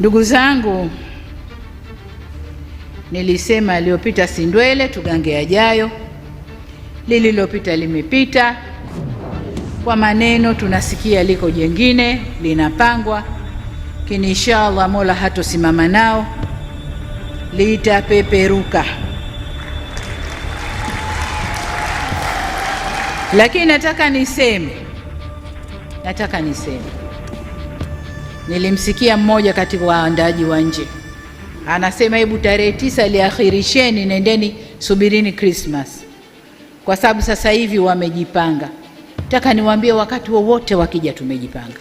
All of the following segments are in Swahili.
Ndugu zangu, nilisema aliyopita si ndwele, tugange yajayo. Lililopita limepita. Kwa maneno tunasikia liko jengine linapangwa, lakini inshallah Mola hatosimama nao, litapeperuka. Lakini nataka niseme, nataka niseme Nilimsikia mmoja kati waandaji wa nje anasema, hebu tarehe tisa liakhirisheni, nendeni subirini Krismas kwa sababu sasa hivi wamejipanga. Nataka niwaambie wakati wowote wa wakija, tumejipanga.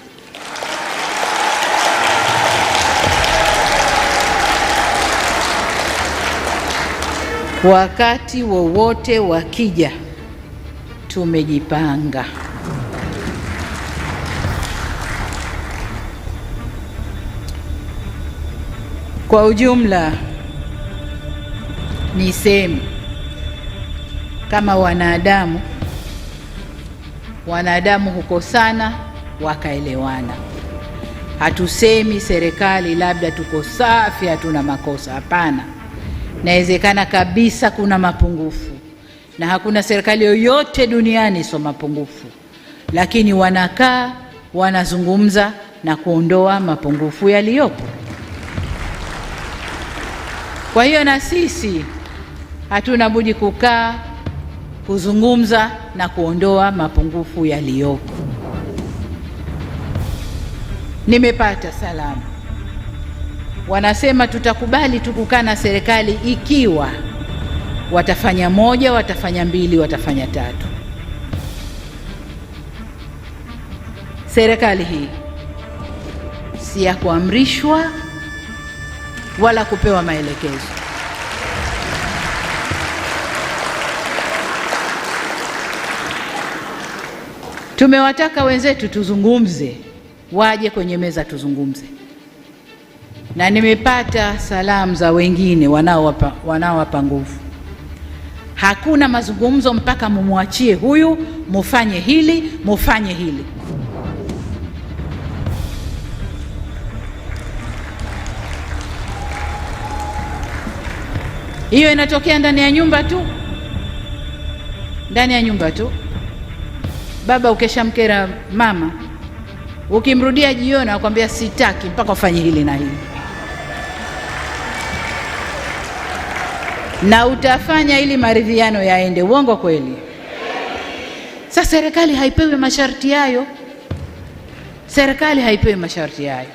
Wakati wowote wa wakija, tumejipanga. Kwa ujumla niseme kama wanadamu, wanadamu hukosana wakaelewana. Hatusemi serikali labda tuko safi, hatuna makosa. Hapana, inawezekana kabisa kuna mapungufu, na hakuna serikali yoyote duniani sio mapungufu, lakini wanakaa wanazungumza na kuondoa mapungufu yaliyopo. Kwa hiyo na sisi hatuna budi kukaa kuzungumza na kuondoa mapungufu yaliyoko. Nimepata salamu wanasema tutakubali tu kukaa na serikali ikiwa watafanya moja, watafanya mbili, watafanya tatu. Serikali hii si ya kuamrishwa wala kupewa maelekezo. Tumewataka wenzetu tuzungumze, waje kwenye meza tuzungumze, na nimepata salamu za wengine wanaowapa wanaowapa nguvu. Hakuna mazungumzo mpaka mumwachie huyu, mufanye hili, mufanye hili. Hiyo inatokea ndani ya nyumba tu, ndani ya nyumba tu. Baba ukeshamkera mama, ukimrudia jioni akwambia sitaki mpaka ufanye hili na hili, na utafanya ili maridhiano yaende. Uongo kweli? Sasa serikali haipewi masharti hayo, serikali haipewi masharti hayo,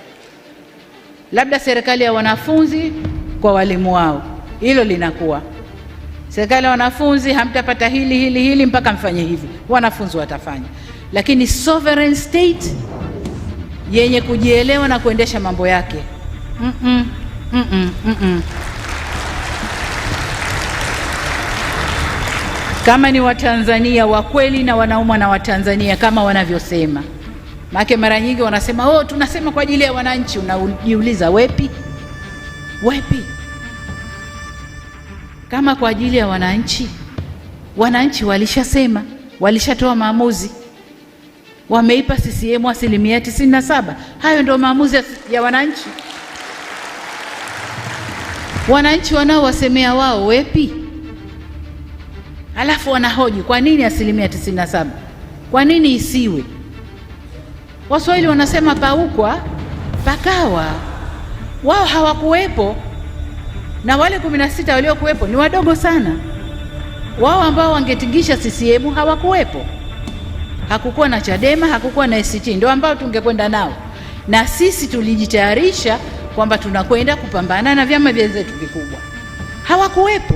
labda serikali ya wanafunzi kwa walimu wao hilo linakuwa. Serikali ya wanafunzi, hamtapata hili hili hili mpaka mfanye hivi, wanafunzi watafanya. Lakini sovereign state yenye kujielewa na kuendesha mambo yake mm -mm, mm -mm, mm -mm. Kama ni Watanzania wa kweli na wanaumwa na Watanzania kama wanavyosema, maanake mara nyingi wanasema oh, tunasema kwa ajili ya wananchi. Unajiuliza wepi wepi? kama kwa ajili ya wananchi. Wananchi walishasema, walishatoa maamuzi, wameipa CCM asilimia tisini na saba. Hayo ndio maamuzi ya wananchi. Wananchi wanaowasemea wao wepi? Alafu wanahoji kwa nini asilimia tisini na saba, kwa nini isiwe? Waswahili wanasema paukwa pakawa, wao hawakuwepo na wale kumi na sita waliokuwepo ni wadogo sana. Wao ambao wangetingisha CCM hawakuwepo, hakukuwa na Chadema, hakukuwa na ACT, ndio ambao tungekwenda nao, na sisi tulijitayarisha kwamba tunakwenda kupambana na vyama vyenzetu vikubwa. Hawakuwepo,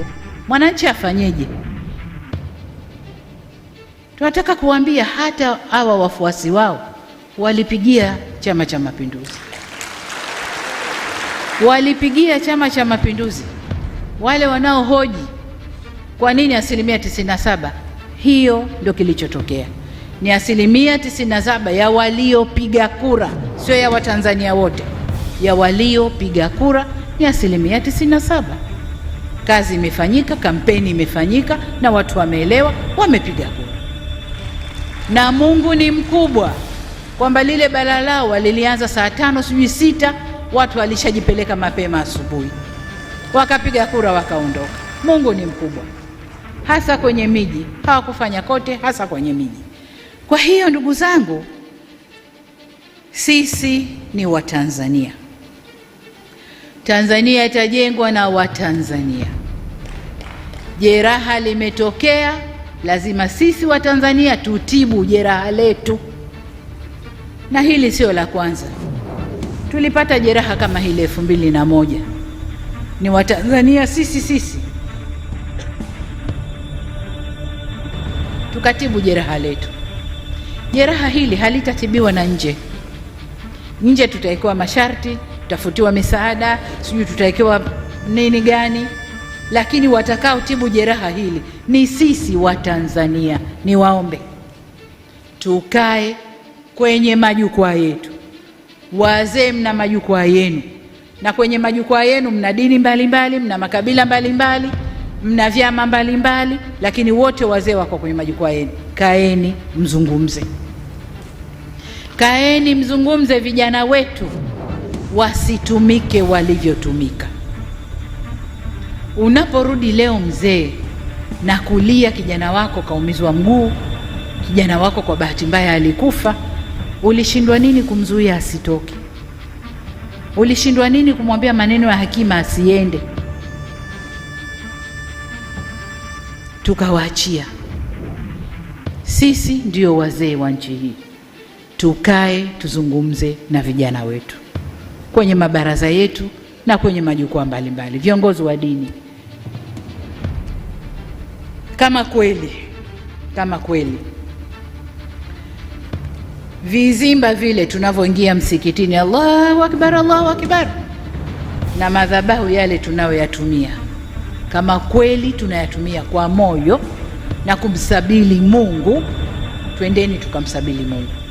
mwananchi afanyeje? Tunataka kuambia hata hawa wafuasi wao walipigia Chama cha Mapinduzi walipigia Chama cha Mapinduzi wale wanaohoji kwa nini asilimia 97. Hiyo ndio kilichotokea, ni asilimia 97 ya waliopiga kura, sio ya Watanzania wote. Ya waliopiga kura ni asilimia 97. Kazi imefanyika, kampeni imefanyika, na watu wameelewa, wamepiga kura. Na Mungu ni mkubwa kwamba lile bala lao walilianza saa tano sijui sita watu walishajipeleka mapema asubuhi, wakapiga kura wakaondoka. Mungu ni mkubwa, hasa kwenye miji. Hawakufanya kote, hasa kwenye miji. Kwa hiyo ndugu zangu, sisi ni Watanzania. Tanzania itajengwa na Watanzania. Jeraha limetokea, lazima sisi Watanzania tutibu jeraha letu, na hili sio la kwanza tulipata jeraha kama hili elfu mbili na moja. Ni Watanzania sisi sisi tukatibu jeraha letu. Jeraha hili halitatibiwa na nje. Nje tutawekewa masharti, tutafutiwa misaada, sijui tutawekewa nini gani, lakini watakaotibu jeraha hili ni sisi Watanzania. Niwaombe tukae kwenye majukwaa yetu Wazee mna majukwaa yenu, na kwenye majukwaa yenu mna dini mbalimbali, mna makabila mbalimbali mbali, mna vyama mbalimbali mbali, lakini wote wazee wako kwenye majukwaa yenu. Kaeni mzungumze, kaeni mzungumze, vijana wetu wasitumike walivyotumika. Unaporudi leo mzee na kulia kijana wako kaumizwa mguu, kijana wako kwa bahati mbaya alikufa Ulishindwa nini kumzuia asitoke? Ulishindwa nini kumwambia maneno ya Hakima asiende? Tukawaachia. Sisi ndio wazee wa nchi hii, tukae tuzungumze na vijana wetu kwenye mabaraza yetu na kwenye majukwaa mbalimbali, viongozi wa dini. Kama kweli kama kweli vizimba vile tunavyoingia msikitini, Allahu akbar, Allahu akbar, na madhabahu yale tunayoyatumia, kama kweli tunayatumia kwa moyo na kumsabili Mungu, twendeni tukamsabili Mungu.